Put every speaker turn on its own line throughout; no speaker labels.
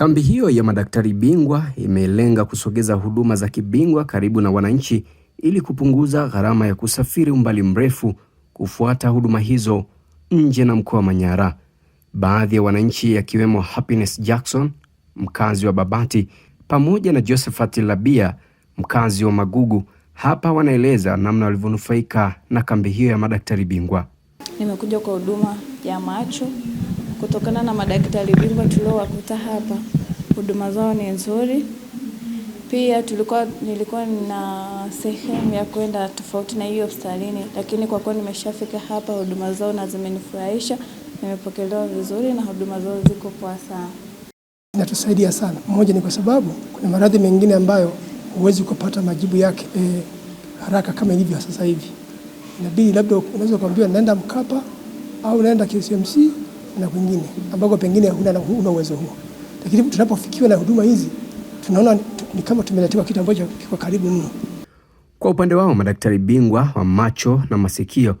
Kambi hiyo ya madaktari bingwa imelenga kusogeza huduma za kibingwa karibu na wananchi ili kupunguza gharama ya kusafiri umbali mrefu kufuata huduma hizo nje na mkoa wa Manyara. Baadhi ya wananchi akiwemo Happiness Jackson, mkazi wa Babati, pamoja na Josephat Labia, mkazi wa Magugu, hapa wanaeleza namna walivyonufaika na kambi hiyo ya madaktari bingwa.
Nimekuja kwa huduma ya macho kutokana na madaktari bingwa tuliowakuta hapa, huduma zao ni nzuri. Pia tulikuwa nilikuwa na sehemu ya kwenda tofauti na hiyo hospitalini, lakini kwa kuwa nimeshafika hapa, huduma zao na zimenifurahisha, nimepokelewa vizuri na huduma zao ziko poa sana,
inatusaidia sana. Moja ni kwa sababu kuna maradhi mengine ambayo huwezi kupata majibu yake eh, haraka kama ilivyo sasa hivi, inabidi labda unaweza kuambiwa naenda Mkapa au naenda KCMC na kwingine ambako pengine huna uwezo huo, lakini tunapofikiwa na huduma hizi tunaona ni kama tumeletewa kitu ambacho kiko karibu mno.
Kwa upande wao madaktari bingwa wa macho na masikio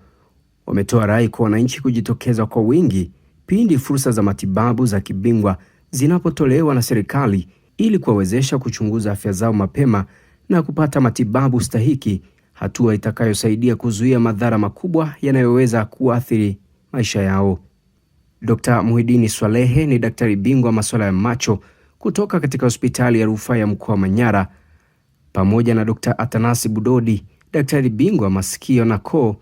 wametoa rai kwa wananchi kujitokeza kwa wingi pindi fursa za matibabu za kibingwa zinapotolewa na serikali ili kuwawezesha kuchunguza afya zao mapema na kupata matibabu stahiki, hatua itakayosaidia kuzuia madhara makubwa yanayoweza kuathiri maisha yao. Dr. Muhidini Swalehe ni daktari bingwa masuala ya macho kutoka katika hospitali ya rufaa ya mkoa wa Manyara pamoja na Dr. Atanasi Budodi, daktari bingwa masikio na koo.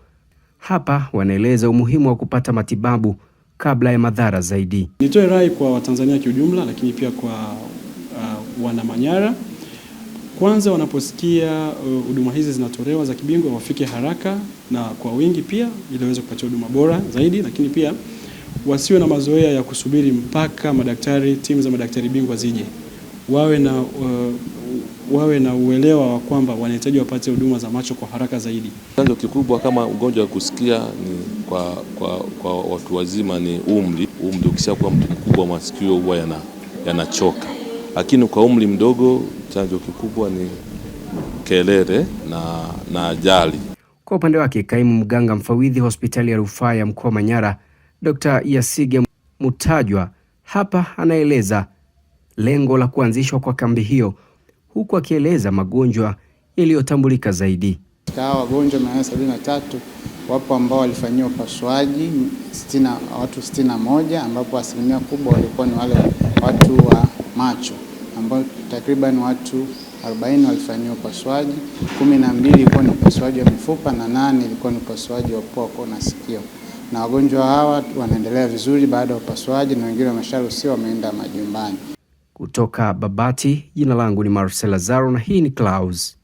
Hapa wanaeleza umuhimu wa kupata matibabu kabla ya madhara zaidi.
Nitoe rai kwa Watanzania kiujumla, lakini pia kwa uh, wana Manyara. Kwanza wanaposikia uh, huduma uh, hizi zinatolewa za kibingwa, wafike haraka na kwa wingi, pia ili waweze kupatiwa huduma bora zaidi, lakini pia wasiwe na mazoea ya kusubiri mpaka madaktari, timu za madaktari bingwa zije, wawe na uh, wawe na uelewa wa kwamba wanahitaji wapate huduma za macho kwa haraka zaidi.
Chanzo kikubwa kama ugonjwa wa kusikia ni kwa, kwa, kwa watu wazima ni umri. Umri kuwa mtu mkubwa, masikio huwa yanachoka, yana lakini kwa umri mdogo, chanzo kikubwa ni kelele na, na ajali.
Kwa upande wake, kaimu mganga mfawidhi hospitali ya rufaa ya mkoa Manyara Dr. Yasige Mutajwa hapa anaeleza lengo la kuanzishwa kwa kambi hiyo huku akieleza magonjwa yaliyotambulika zaidi.
Hawa wagonjwa tatu wapo ambao walifanyiwa upasuaji sitini, watu moja ambapo asilimia kubwa walikuwa ni wale watu wa macho ambao takriban watu 40 walifanyiwa upasuaji, 12 ilikuwa ni upasuaji wa mifupa na nane ilikuwa ni upasuaji wa pua, koo na sikio na wagonjwa hawa wanaendelea vizuri baada ya upasuaji na wengine wamesharuhusiwa wameenda majumbani.
Kutoka Babati, jina langu ni Marcel Lazaro na hii ni Clouds.